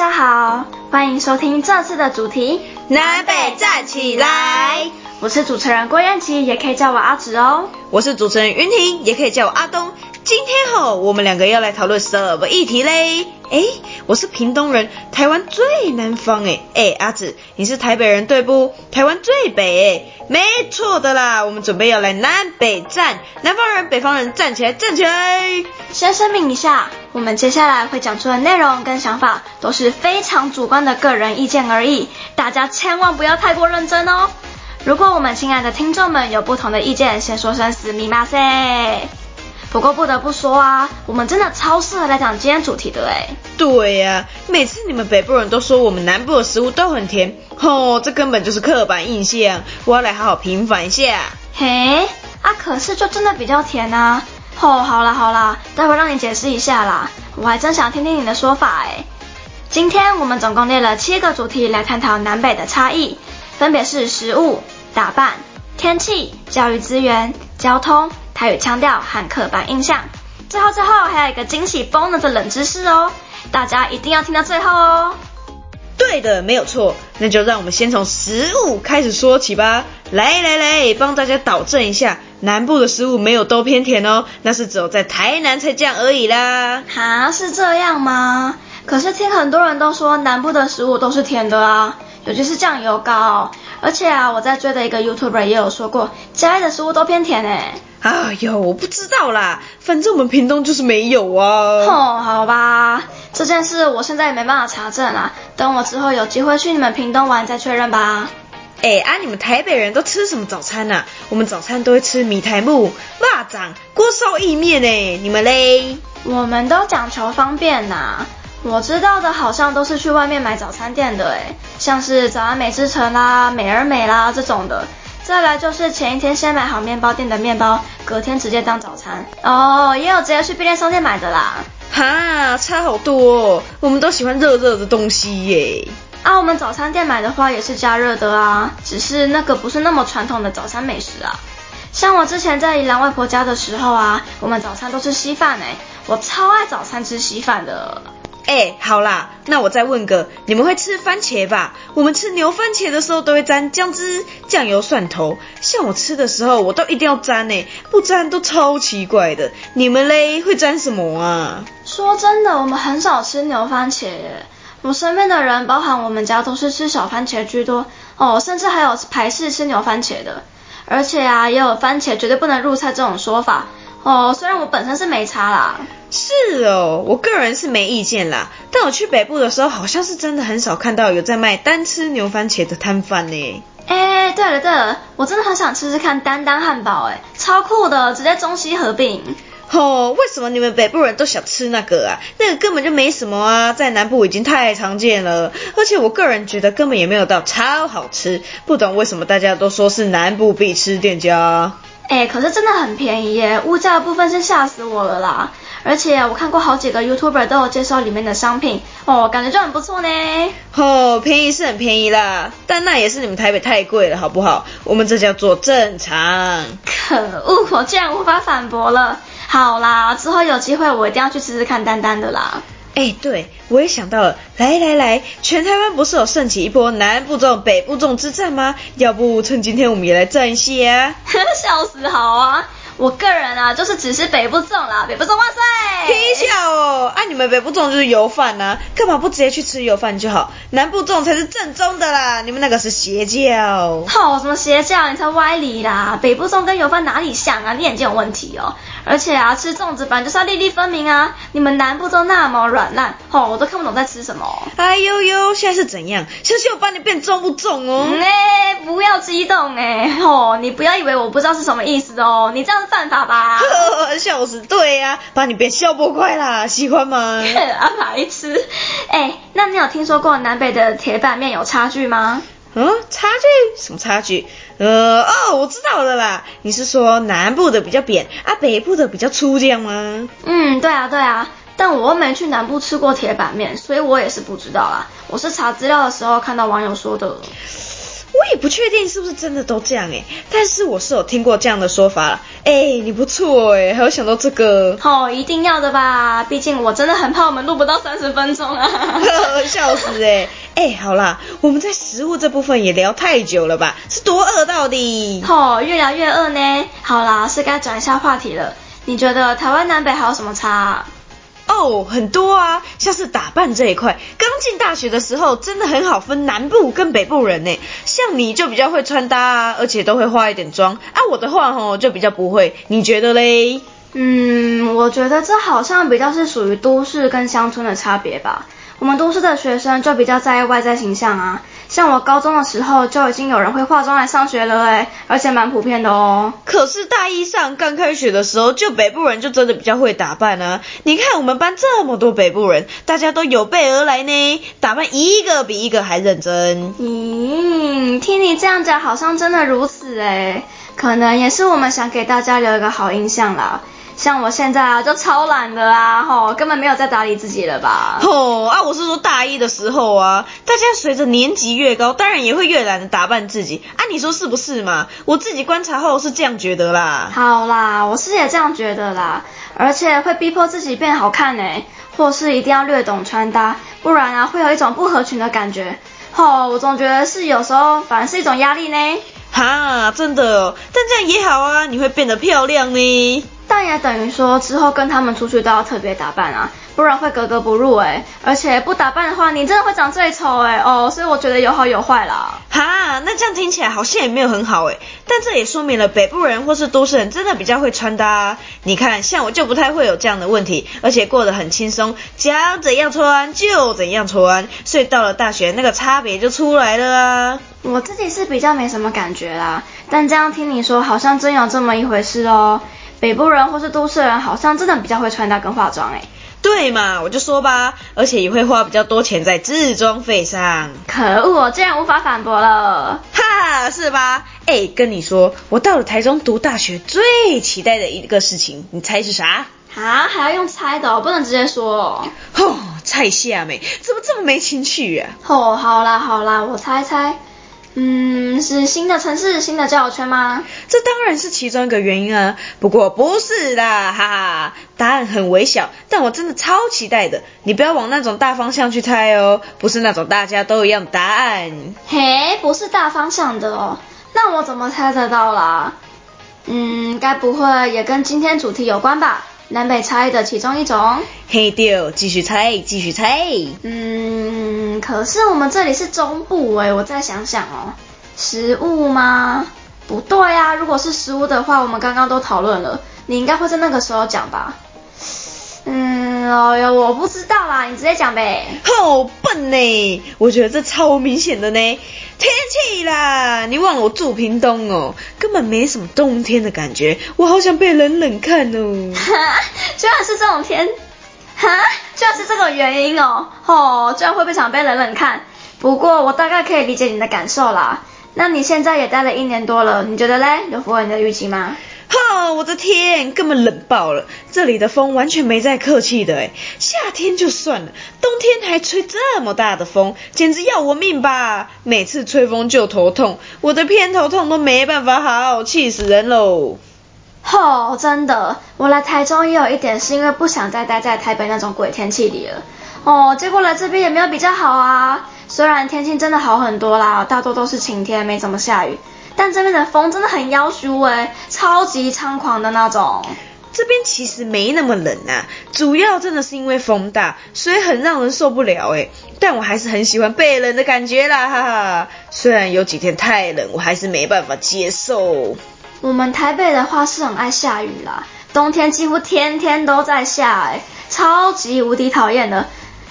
大家好，歡迎收聽這次的主題《南北戰起來》起來。我是主持人郭彥琪，也可以叫我阿紫哦。我是主持人雲婷，也可以叫我阿東。今天吼，我們兩個要來討論什麼議題嘞？哎，我是屏東人，台灣最南方哎。哎，阿紫，你是台北人對不？台灣最北哎，沒錯的啦。我們準備要來南北戰，南方人、北方人站起來，站起來。先聲明一下，我們接下來會講出的內容跟想法都是非常主觀的個人意見而已，大家千萬不要太過認真哦。如果我們親愛的聽眾們有不同的意見，先說聲死密碼噻。不過不得不說啊，我們真的超適合來講今天主題的哎。對呀、啊，每次你們北部人都說我們南部的食物都很甜，吼、哦，這根本就是刻板印象，我要來好好平反一下。嘿，啊可是就真的比較甜啊，吼、哦，好啦好啦，待會讓你解釋一下啦，我還真想聽聽你的說法哎。今天我們總共列了七個主題來探討南北的差異，分別是食物、打扮、天氣、教育資源、交通。還有腔調和刻板印象。最後，最後還有一個驚喜 bonus 的冷知識哦，大家一定要聽到最後哦。對的，沒有錯，那就讓我們先從食物開始說起吧。來來來，幫大家導正一下，南部的食物沒有都偏甜哦，那是只有在台南才這樣而已啦。啊，是這樣嗎？可是聽很多人都說南部的食物都是甜的啊。尤其是醬油膏而且啊，我在追的一個 YouTuber 也有說過，家裡的食物都偏甜呢、欸。哎、啊、呦，我不知道啦，反正我們屏東就是沒有啊。哼，好吧，這件事我現在也沒辦法查證啊，等我之後有機會去你們屏東玩再確認吧。哎、欸，啊，你們台北人都吃什麼早餐啊？我們早餐都會吃米苔目、辣醬、鍋燒意麵呢、欸，你們嘞？我們都講求方便吶、啊。我知道的好像都是去外面買早餐店的，哎，像是早安美之城啦、美而美啦這種的。再來就是前一天先買好麵包店的麵包，隔天直接當早餐。哦，也有直接去便利店買的啦。哈，差好多哦！我們都喜歡熱熱的東西耶。啊，我們早餐店買的話也是加熱的啊，只是那個不是那麼傳統的早餐美食啊。像我之前在宜蘭外婆家的時候啊，我們早餐都是稀飯哎，我超愛早餐吃稀飯的。哎、欸，好啦，那我再問個，你們會吃番茄吧？我們吃牛番茄的時候都會沾醬汁、醬油、蒜頭，像我吃的時候，我都一定要沾呢、欸，不沾都超奇怪的。你們嘞會沾什麼啊？說真的，我們很少吃牛番茄耶，我身邊的人，包含我們家，都是吃小番茄居多哦，甚至還有排斥吃牛番茄的，而且啊，也有番茄絕對不能入菜這種說法。哦，oh, 雖然我本身是沒差啦，是哦，我個人是沒意見啦，但我去北部的時候，好像是真的很少看到有在賣單吃牛番茄的攤販呢。哎，對了對了，我真的很想吃吃看丹丹漢堡，哎，超酷的，直接中西合併。吼，oh, 為什麼你們北部人都想吃那個啊？那個根本就沒什麼啊，在南部已經太常見了，而且我個人覺得根本也沒有到超好吃，不懂為什麼大家都說是南部必吃店家。哎、欸，可是真的很便宜耶，物價的部分是嚇死我了啦！而且我看過好幾個 YouTuber 都有介紹裡面的商品，哦，感覺就很不錯呢。哦，便宜是很便宜啦，但那也是你們台北太貴了，好不好？我們這叫做正常。可惡，我竟然無法反駁了。好啦，之後有機會我一定要去吃吃看丹丹的啦。哎、欸，對，我也想到了。來來來，全台灣不是有盛起一波南部粽北部粽之戰嗎？要不趁今天我們也來戰一些啊，？ 笑死，好啊！我個人啊，就是只是北部粽啦，北部粽萬歲！哇塞聽笑哦，哎、啊，你們北部粽就是油飯啊？幹嘛不直接去吃油飯就好？南部粽才是正宗的啦，你們那個是邪教！吼、哦，什麼邪教？你才歪理啦！北部粽跟油飯哪裡像啊？你眼睛有問題哦！而且啊，吃粽子本來就是要粒粒分明啊，你們南部粽那麼軟爛，吼、哦，我都看不懂在吃什麼！哎呦呦，現在是怎樣？小心我幫你變中不粽哦！哎、嗯欸，不要激動哎、欸！吼、哦，你不要以為我不知道是什麼意思哦，你這樣。犯法吧！笑死，對呀、啊，把你別笑破瓜啦，喜歡嗎？白痴、yeah,！哎、欸，那你有聽說過南北的鐵板麵有差距嗎？嗯，差距？什麼差距？呃，哦，我知道了啦，你是說南部的比較扁啊，北部的比較粗這樣嗎？嗯，對啊，對啊，但我又沒去南部吃過鐵板麵，所以我也是不知道啦。我是查資料的時候看到網友說的。我也不確定是不是真的都這樣哎、欸，但是我是有聽過這樣的說法啦。哎、欸，你不錯哎、欸，還有想到這個。哦，一定要的吧，畢竟我真的很怕我們錄不到三十分鐘啊。呵呵，笑死哎、欸！哎、 欸，好啦，我們在食物這部分也聊太久了吧，是多餓到底？哦，越聊越餓呢。好啦，是該轉一下話題了。你覺得台灣南北還有什麼差、啊？哦，oh, 很多啊，像是打扮這一塊，剛進大學的時候，真的很好分南部跟北部人呢。像你就比較會穿搭啊，而且都會化一點妝。啊我的話我就比較不會，你覺得嘞？嗯，我覺得這好像比較是屬於都市跟鄉村的差別吧。我們都市的學生就比較在意外在形象啊。像我高中的時候就已經有人會化妝來上學了誒，而且蠻普遍的哦。可是大一上剛開學的時候，就北部人就真的比較會打扮啊。你看我們班這麼多北部人，大家都有備而來呢，打扮一個比一個還認真。嗯，聽你這樣講，好像真的如此誒，可能也是我們想給大家留一個好印象啦。像我現在啊，就超懶的啦、啊，吼、哦，根本沒有在打理自己了吧？吼、哦、啊，我是說大一的時候啊，大家隨着年紀越高，當然也會越懶得打扮自己。啊，你說是不是嘛？我自己觀察後是這樣覺得啦。好啦，我是也這樣覺得啦，而且會逼迫自己變好看呢、欸，或是一定要略懂穿搭，不然啊，會有一種不合群的感覺。吼、哦，我總覺得是有時候反而是一種壓力呢。哈、啊，真的哦，但這樣也好啊，你會變得漂亮呢。但也等於說，之後跟他們出去都要特別打扮啊，不然會格格不入誒、欸、而且不打扮的話，你真的會長最醜誒、欸、哦。所以我覺得有好有壞啦。哈，那這樣聽起來好像也沒有很好誒、欸、但這也說明了北部人或是都市人真的比較會穿搭啊。你看，像我就不太會有這樣的問題，而且過得很輕鬆，想怎樣穿就怎樣穿。所以到了大學那個差別就出來了啊。我自己是比較沒什麼感覺啦，但這樣聽你說，好像真有這麼一回事哦。北部人或是都市人好像真的比較會穿搭跟化妝誒、欸，對嘛，我就說吧，而且也會花比較多錢在置裝費上。可惡，竟然無法反駁了，哈，哈，是吧？哎、欸，跟你說，我到了台中讀大學最期待的一個事情，你猜是啥？啊，還要用猜的、哦，我不能直接說、哦。吼、哦，菜下妹怎麼這麼沒情趣啊？哦，好啦好啦，我猜猜。嗯，是新的城市、新的交友圈嗎？這當然是其中一個原因啊。不過不是的，哈哈，答案很微小，但我真的超期待的。你不要往那種大方向去猜哦，不是那種大家都一樣的答案。嘿，不是大方向的哦，那我怎麼猜得到啦？嗯，該不會也跟今天主題有關吧？南北猜的其中一種。嘿，丟，繼續猜，繼續猜。嗯，可是我們這裡是中部哎、欸，我再想想哦。食物嗎？不對啊，如果是食物的話，我們剛剛都討論了，你應該會在那個時候講吧。嗯。我不知道啦，你直接講唄。好、哦、笨呢、欸，我覺得這超明顯的呢。天氣啦，你忘了我住屏東哦，根本沒什麼冬天的感覺，我好想被冷冷看哦。哈， 居然是這種天，哈、啊，居然是這個原因哦。吼、哦，居然會不想被冷冷看。不過我大概可以理解你的感受啦。那你現在也待了一年多了，你覺得嘞，有符合你的預期嗎？哈、哦，我的天，根本冷爆了！這裡的風完全沒在客氣的哎，夏天就算了，冬天還吹這麼大的風，簡直要我命吧！每次吹風就頭痛，我的偏頭痛都沒辦法好，氣死人嘍！哈、哦，真的，我來台中也有一點是因為不想再待在台北那種鬼天氣裡了。哦，結果來這邊也沒有比較好啊，雖然天氣真的好很多啦，大多都是晴天，沒怎麼下雨。但這邊的風真的很夭壽哎、欸，超級猖狂的那種。這邊其實沒那麼冷啊，主要真的是因為風大，所以很讓人受不了哎、欸。但我還是很喜歡被冷的感覺啦，哈哈。雖然有幾天太冷，我還是沒辦法接受。我們台北的話是很愛下雨啦，冬天幾乎天天都在下哎、欸，超級無敵討厭的。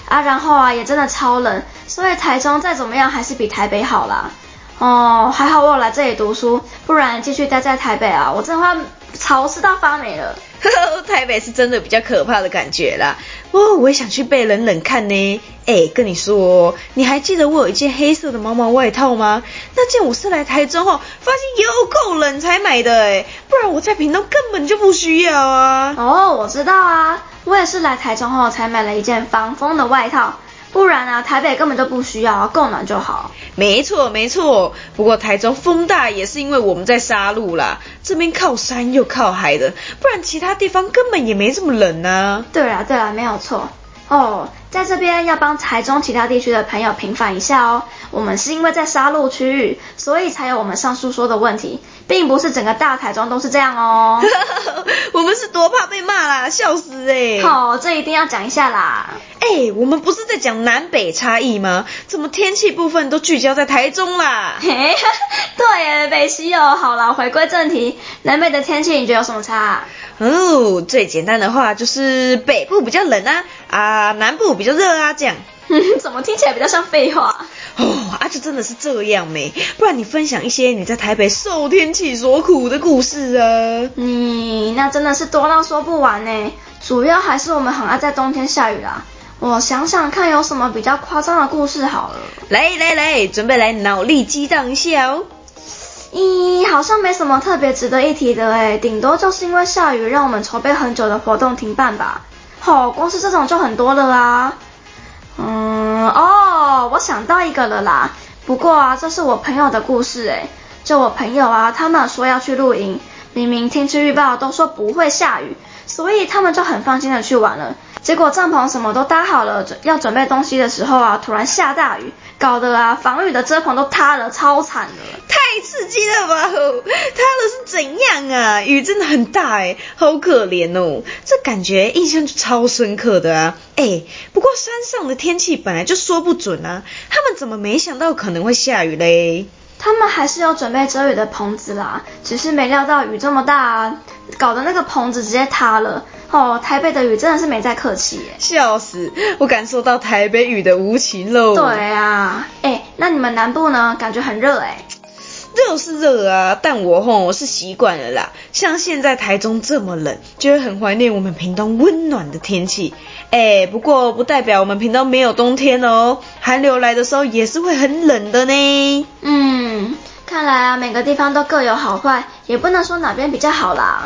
啊，然後啊也真的超冷，所以台中再怎麼樣還是比台北好啦。哦，還好我有來這裡讀書，不然繼續待在台北啊，我真的怕潮濕到發霉了。呵呵，台北是真的比較可怕的感覺啦，哦，我也想去被冷冷看呢。哎、欸，跟你說，你還記得我有一件黑色的毛毛外套嗎？那件我是來台中後、哦、發現有夠冷才買的、欸，哎，不然我在屏東根本就不需要啊。哦，我知道啊，我也是來台中後才買了一件防風的外套。不然啊，台北根本就不需要啊，夠暖就好。沒錯沒錯，不過台中風大也是因為我們在沙鹿啦，這邊靠山又靠海的，不然其他地方根本也沒這麼冷呢、啊。對啊，對啊，沒有錯哦，在這邊要幫台中其他地區的朋友平反一下哦，我們是因為在沙鹿區域，所以才有我們上述說的問題，並不是整個大台中都是這樣哦。 我們是多怕被罵啦，笑死誒、欸、好、哦，這一定要講一下啦。哎、欸，我們不是在講南北差異嗎？怎麼天氣部分都聚焦在台中啦？嘿對，北西有。好了，回歸正題，南北的天氣你覺得有什麼差、啊？哦，最簡單的話就是北部比較冷啊，啊南部比較熱啊，這樣。嗯，怎麼聽起來比較像廢話？哦，啊就真的是這樣沒？不然你分享一些你在台北受天氣所苦的故事啊？你、嗯、那真的是多到說不完呢，主要還是我們很愛在冬天下雨啦、啊。我想想看，有什麼比較誇張的故事好了。來來來，準備來腦力激盪一下哦。咦、欸，好像沒什麼特別值得一提的哎、欸，頂多就是因為下雨，讓我們籌備很久的活動停辦吧。好，光是這種就很多了啦、啊。嗯，哦，我想到一個了啦。不過啊，這是我朋友的故事哎、欸，就我朋友啊，他們說要去露營，明明天氣預報都說不會下雨，所以他們就很放心的去玩了。結果帳篷什麼都搭好了準，要準備東西的時候啊，突然下大雨，搞得啊，防雨的遮棚都塌了，超慘的，太刺激了吧，哦？塌的是怎樣啊？雨真的很大哎，好可憐哦，這感覺印象就超深刻的啊。哎，不過山上的天氣本來就說不準啊，他們怎麼沒想到可能會下雨嘞？他們還是有準備遮雨的棚子啦，只是沒料到雨這麼大啊，搞得那個棚子直接塌了。哦，台北的雨真的是沒在客氣耶。笑死，我感受到台北雨的無情嘍。對啊，哎，那你們南部呢？感覺很熱哎。熱是熱啊，但我吼、哦、我是習慣了啦。像現在台中這麼冷，就會很懷念我們屏東溫暖的天氣。哎，不過不代表我們屏東沒有冬天哦，寒流來的時候也是會很冷的呢。嗯，看來啊，每個地方都各有好壞，也不能說哪邊比較好啦。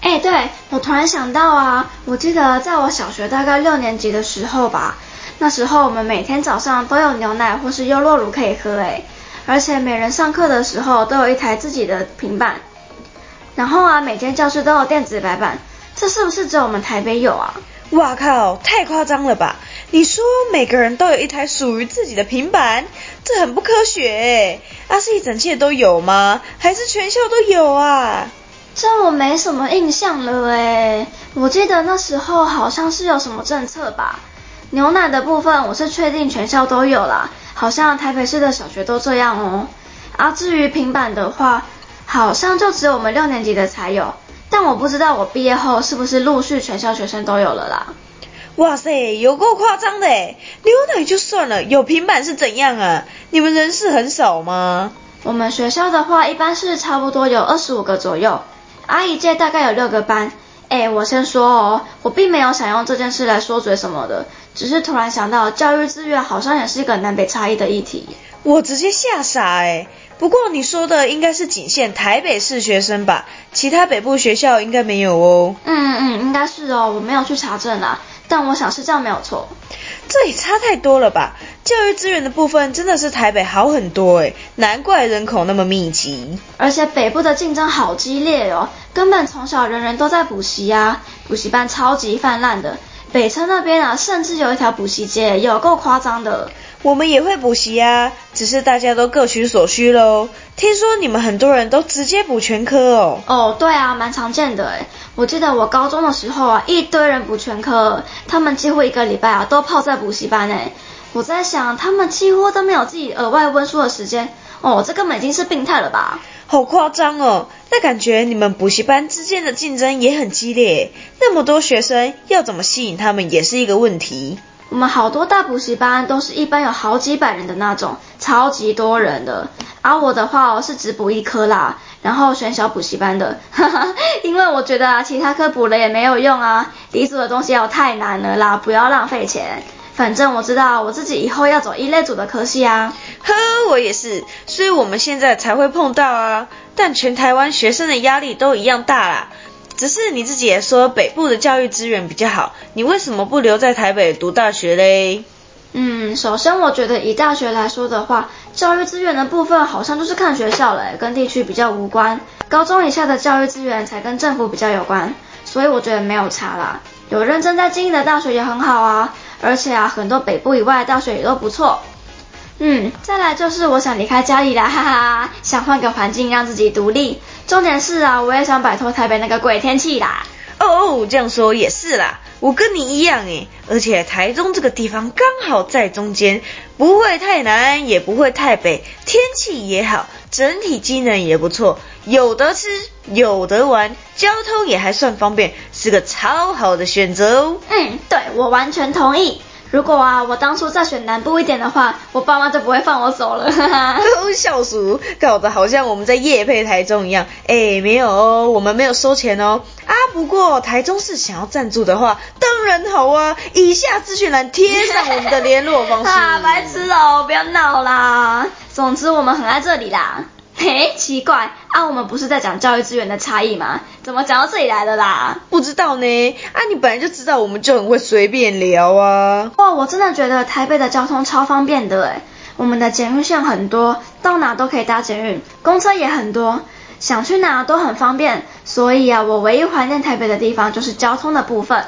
哎、欸，對，我突然想到啊，我記得在我小學大概六年級的時候吧，那時候我們每天早上都有牛奶或是優酪乳可以喝、欸，哎，而且每人上課的時候都有一台自己的平板，然後啊，每間教室都有電子白板，這是不是只有我們台北有啊？哇靠，太誇張了吧？你說每個人都有一台屬於自己的平板，這很不科學、欸，啊是一整屆都有嗎？還是全校都有啊？這我沒什麼印象了哎，我記得那時候好像是有什麼政策吧。牛奶的部分我是確定全校都有啦。好像台北市的小學都這樣哦。啊，至於平板的話，好像就只有我們六年級的才有，但我不知道我畢業後是不是陸續全校學生都有了啦。哇塞，有夠誇張的哎！牛奶就算了，有平板是怎樣啊？你們人事很少嗎？我們學校的話，一般是差不多有二十五個左右。阿姨，這大概有六個班。哎、欸，我先說哦，我並沒有想用這件事來說嘴什麼的，只是突然想到教育資源好像也是一個南北差異的議題。我直接嚇傻哎、欸！不過你說的應該是僅限台北市學生吧，其他北部學校應該沒有哦。嗯嗯，應該是哦，我沒有去查證啦、啊，但我想是這樣沒有錯。這也差太多了吧？教育資源的部分真的是台北好很多哎，難怪人口那麼密集。而且北部的競爭好激烈哦，根本從小人人都在補習啊，補習班超級氾濫的。北車那邊啊，甚至有一條補習街，有夠誇張的。我們也會補習啊，只是大家都各取所需嘍。聽說你們很多人都直接補全科哦。哦，對啊，蠻常見的誒。我記得我高中的時候啊，一堆人補全科，他們幾乎一個禮拜啊都泡在補習班誒。我在想，他們幾乎都沒有自己額外溫書的時間哦，這根本已經是病態了吧？好誇張哦！那感覺你們補習班之間的競爭也很激烈，那麼多學生要怎麼吸引他們也是一個問題。我們好多大補習班都是一般有好幾百人的那種，超級多人的。而、啊、我的話、哦，我是只補一科啦，然後選小補習班的，哈哈。因為我覺得、啊、其他科補了也沒有用啊，理組的東西要太難了啦，不要浪費錢。反正我知道我自己以後要走一類組的科系啊。呵，我也是，所以我們現在才會碰到啊。但全台灣學生的壓力都一樣大啦。只是你自己也說北部的教育資源比較好，你為什麼不留在台北讀大學嘞？嗯，首先我覺得以大學來說的話，教育資源的部分好像就是看學校嘞，跟地區比較無關。高中以下的教育資源才跟政府比較有關，所以我覺得沒有差啦。有認真在經營的大學也很好啊，而且啊，很多北部以外的大學也都不錯。嗯，再來就是我想離開家裡啦，哈哈，想換個環境讓自己獨立。重點是啊，我也想擺脫台北那個鬼天氣啦。哦哦，這樣說也是啦，我跟你一樣誒。而且台中這個地方剛好在中間，不會太南也不會太北，天氣也好，整體機能也不錯，有得吃有得玩，交通也還算方便，是個超好的選擇哦。嗯，對，我完全同意。如果啊，我當初再選南部一點的話，我爸媽就不會放我走了。哈哈，都笑死，搞得好像我們在業配台中一樣。哎、欸，沒有哦，我們沒有收錢哦。啊，不過台中市想要贊助的話，當然好啊，以下資訊欄貼上我們的聯絡方式。 啊，白痴哦、喔，不要鬧啦。總之，我們很愛這裡啦。嘿。奇怪啊，我們不是在講教育資源的差異嗎？怎麼講到這裡來了啦？不知道呢。啊，你本來就知道，我們就很會隨便聊啊。哇、哦，我真的覺得台北的交通超方便的哎，我們的捷運線很多，到哪都可以搭捷運，公車也很多，想去哪都很方便。所以啊，我唯一懷念台北的地方就是交通的部分。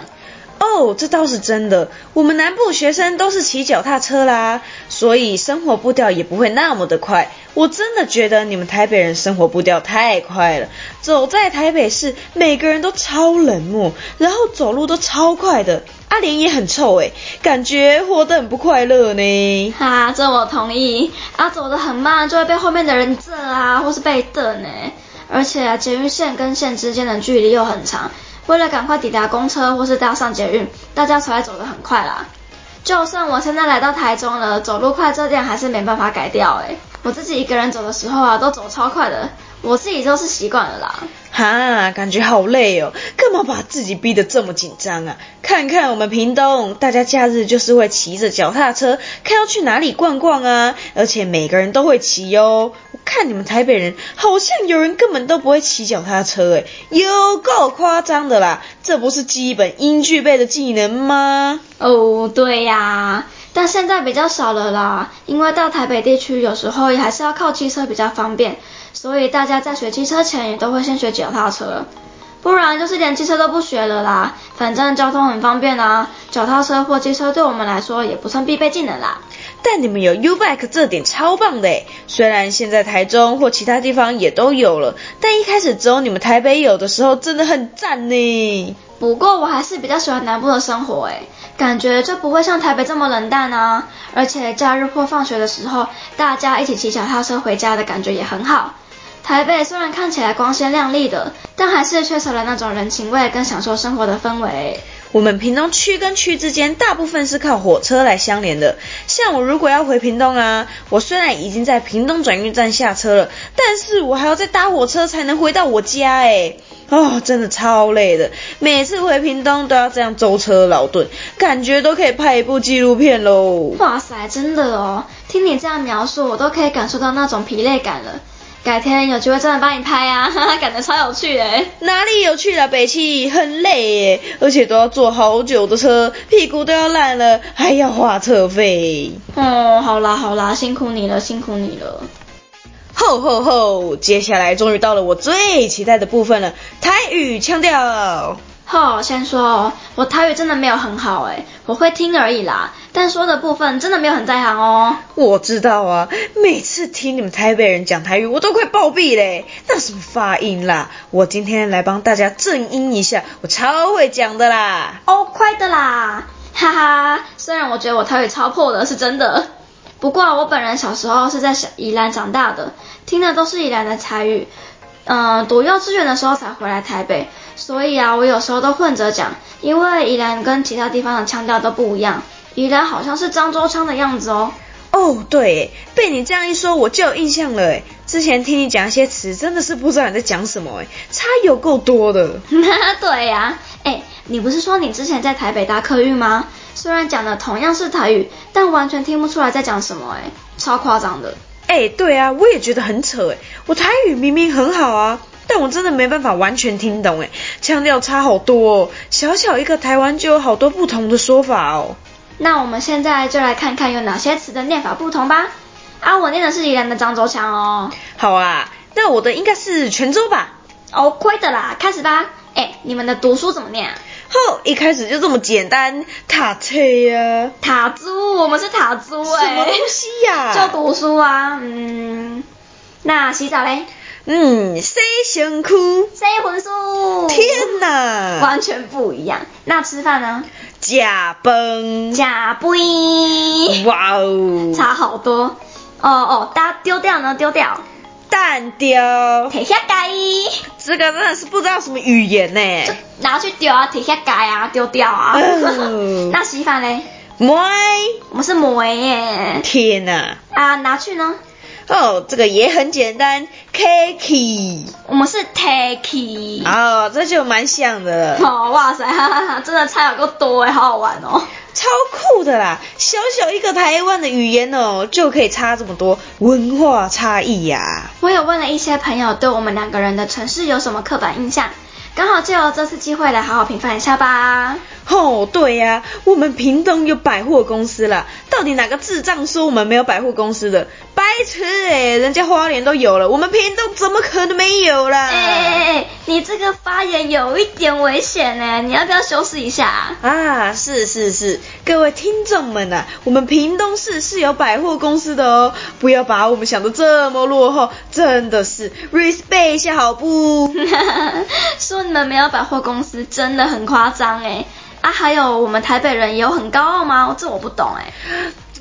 哦，這倒是真的。我們南部學生都是騎腳踏車啦，所以生活步調也不會那麼的快。我真的覺得你們台北人生活步調太快了，走在台北市，每個人都超冷漠，然後走路都超快的。阿、啊、臉也很臭哎、欸，感覺活得很不快樂呢。哈、啊，這我同意。啊，走得很慢就會被後面的人撞啊，或是被瞪呢、欸。而且啊，捷運線跟線之間的距離又很長。為了趕快抵達公車或是搭上捷運，大家才會走得很快啦。就算我現在來到臺中了，走路快這點還是沒辦法改掉哎、欸。我自己一個人走的時候啊，都走超快的，我自己都是習慣了啦。哈、啊，感覺好累哦，幹嘛把自己逼得這麼緊張啊？看看我們屏東，大家假日就是會騎着腳踏車，看要去哪裡逛逛啊，而且每個人都會騎喲、哦。看你們台北人，好像有人根本都不會騎腳踏車哎、欸，有夠誇張的啦！這不是基本應具備的技能嗎？哦，對呀、啊，但現在比較少了啦，因為到台北地區有時候也還是要靠機車比較方便，所以大家在學機車前也都會先學腳踏車，不然就是連機車都不學了啦。反正交通很方便啊，腳踏車或機車對我們來說也不算必備技能啦。但你們有 U-Bike 這點超棒的哎！雖然現在台中或其他地方也都有了，但一開始只有你們台北有的時候真的很讚呢。不過我還是比較喜歡南部的生活誒，感覺就不會像台北這麼冷淡啊。而且假日或放學的時候，大家一起騎腳踏車回家的感覺也很好。台北雖然看起來光鮮亮麗的，但還是缺少了那種人情味跟享受生活的氛圍。我們屏東區跟區之間大部分是靠火車來相連的。像我如果要回屏東啊，我雖然已經在屏東轉運站下車了，但是我還要再搭火車才能回到我家誒、欸、哦，真的超累的，每次回屏東都要這樣舟車勞頓，感覺都可以拍一部紀錄片嘍。哇塞，真的哦，聽你這樣描述，我都可以感受到那種疲累感了。改天有機會真的幫你拍啊，哈哈，感覺超有趣哎！哪裡有趣了、啊？北汽很累哎，而且都要坐好久的車，屁股都要爛了，還要花車費。哦、嗯，好啦好啦，辛苦你了，辛苦你了。吼吼吼！接下來終於到了我最期待的部分了，台語腔調。哦，先說哦，我台語真的沒有很好哎，我會聽而已啦，但說的部分真的沒有很在行哦。我知道啊，每次聽你們台北人講台語，我都快暴斃嘞，那什麼發音啦，我今天來幫大家正音一下，我超會講的啦。哦，快的啦，哈哈，雖然我覺得我台語超破的，是真的，不過我本人小時候是在小宜蘭長大的，聽的都是宜蘭的台語。嗯，讀幼稚園的時候才回來台北，所以啊，我有時候都混着講，因為宜蘭跟其他地方的腔調都不一樣。宜蘭好像是漳州腔的樣子哦。哦，對，被你這樣一說，我就有印象了。哎，之前聽你講一些詞，真的是不知道你在講什麼。哎，差有夠多的。 對呀、啊。哎、欸，你不是說你之前在台北搭客運嗎？雖然講的同樣是台語，但完全聽不出來在講什麼。哎，超誇張的。哎、欸，對啊，我也覺得很扯哎。我台語明明很好啊，但我真的沒辦法完全聽懂哎，腔調差好多哦，小小一個台灣就有好多不同的說法哦。那我們現在就來看看有哪些詞的念法不同吧。啊，我念的是宜蘭的漳州腔哦。好啊，那我的應該是泉州吧。OK 的啦，開始吧。哎、欸，你們的讀書怎麼念啊？吼！一開始就這麼簡單，塔車呀，塔珠，我們是塔珠、欸，什麼東西呀、啊？ 就讀書啊。嗯，那洗澡嘞？嗯，洗身軀，洗魂素。天哪，完全不一樣。那吃飯呢？假崩，假杯。哇哦，差好多。哦哦，大家丟掉呢？丟掉。蛋丟，丟下街。這個真的是不知道什麼語言呢、欸。拿去丟啊，丟下街啊，丟掉啊。 那稀飯呢？抹麥。我們是抹耶。天哪、啊。啊，拿去呢。哦，這個也很簡單。k k 我們是 t a k i 哦，這就蠻像的。哦，哇塞，哈哈，真的菜有夠多哎，好好玩哦。超酷的啦！小小一個台灣的語言哦，就可以差這麼多文化差異呀、啊。我有問了一些朋友，對我們兩個人的城市有什麼刻板印象，剛好借由這次機會來好好評判一下吧。哦，對呀、啊，我們屏東有百貨公司啦。到底哪個智障說我們沒有百貨公司的白痴哎、欸？人家花蓮都有了，我們屏東怎麼可能沒有啦？哎哎哎，你這個發言有一點危險呢、欸，你要不要修飾一下？啊，是是是，各位聽眾們吶、啊，我們屏東市是有百貨公司的哦，不要把我們想得這麼落後，真的是 respect 一下好不？ 說你們沒有百貨公司真的很誇張哎、欸。啊，還有我們台北人有很高傲嗎？這我不懂欸，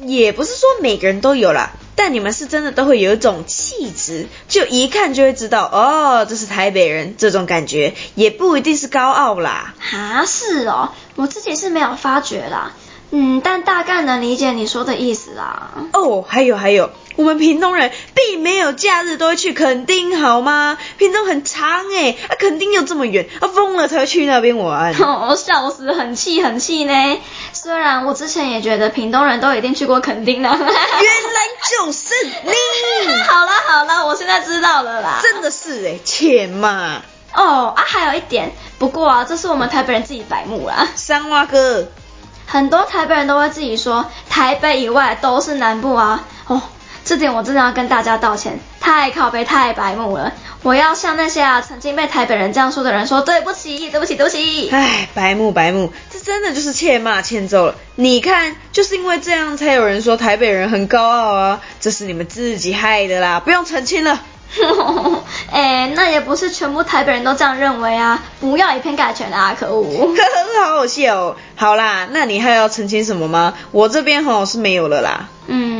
也不是說每個人都有啦，但你們是真的都會有一種氣質，就一看就會知道，哦，這是台北人這種感覺，也不一定是高傲啦。哈，是哦，我自己是沒有發覺啦，嗯，但大概能理解你說的意思啦。哦，還有還有。我們屏東人並沒有假日都會去墾丁，好嗎？屏東很長哎、欸，啊，墾丁又這麼遠，啊，瘋了才去那邊玩。我、哦、笑死，很氣很氣呢。雖然我之前也覺得屏東人都一定去過墾丁啦。原來就是你。 好了好了，我現在知道了啦，真的是哎、欸，錢嘛。哦啊，還有一點，不過啊，這是我們台北人自己白目啦。三蛙哥，很多台北人都會自己說，台北以外都是南部啊。哦。這點我真的要跟大家道歉，太靠北太白目了。我要向那些啊曾經被台北人這樣說的人說對不起，對不起，對不起。哎，白目白目，這真的就是欠罵欠揍了。你看，就是因為這樣才有人說台北人很高傲啊，這是你們自己害的啦，不用澄清了。 哎，那也不是全部台北人都這樣認為啊，不要以偏概全啊，可惡。 好好笑。哦。好啦，那你還要澄清什麼嗎？我這邊好像、哦、是沒有了啦。嗯。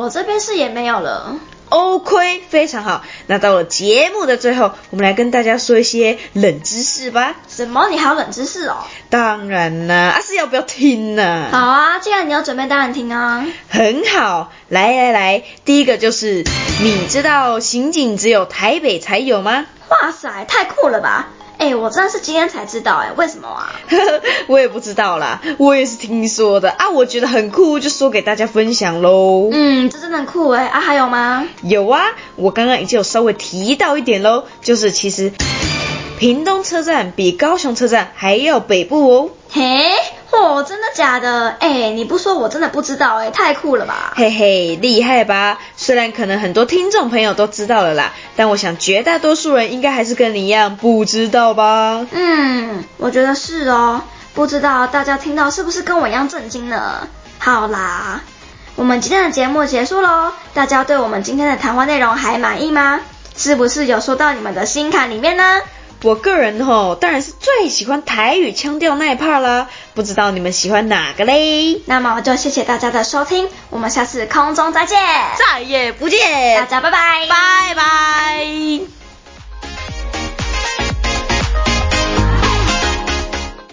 我這邊是也沒有了。OK，非常好。那到了節目的最後，我們來跟大家說一些冷知識吧。什麼？你還有冷知識哦？當然啦，啊，啊是要不要聽呢，啊？好啊，既然你要準備，當然聽啊。很好，來來來，第一個就是你知道刑警只有台北才有嗎？哇塞，太酷了吧！哎、欸，我真的是今天才知道、欸，哎，為什麼啊？ 我也不知道啦，我也是聽說的啊，我覺得很酷，就說給大家分享嘍。嗯，這真的很酷哎、欸！啊，還有嗎？有啊，我剛剛已經有稍微提到一點嘍，就是其實，屏東車站比高雄車站還要北部哦。嘿。哦，真的假的？哎、欸，你不說我真的不知道哎、欸，太酷了吧！嘿嘿，厲害吧？雖然可能很多聽眾朋友都知道了啦，但我想絕大多數人應該還是跟你一樣不知道吧？嗯，我覺得是哦，不知道大家聽到是不是跟我一樣震驚呢？好啦，我們今天的節目結束嘍，大家對我們今天的談話內容還滿意嗎？是不是有說到你們的心坎裡面呢？我個人吼當然是最喜歡台語腔調那一 part 啦，不知道你們喜歡哪個嘞？那麼我就謝謝大家的收聽，我們下次空中再見，再也不見，大家拜拜，拜拜。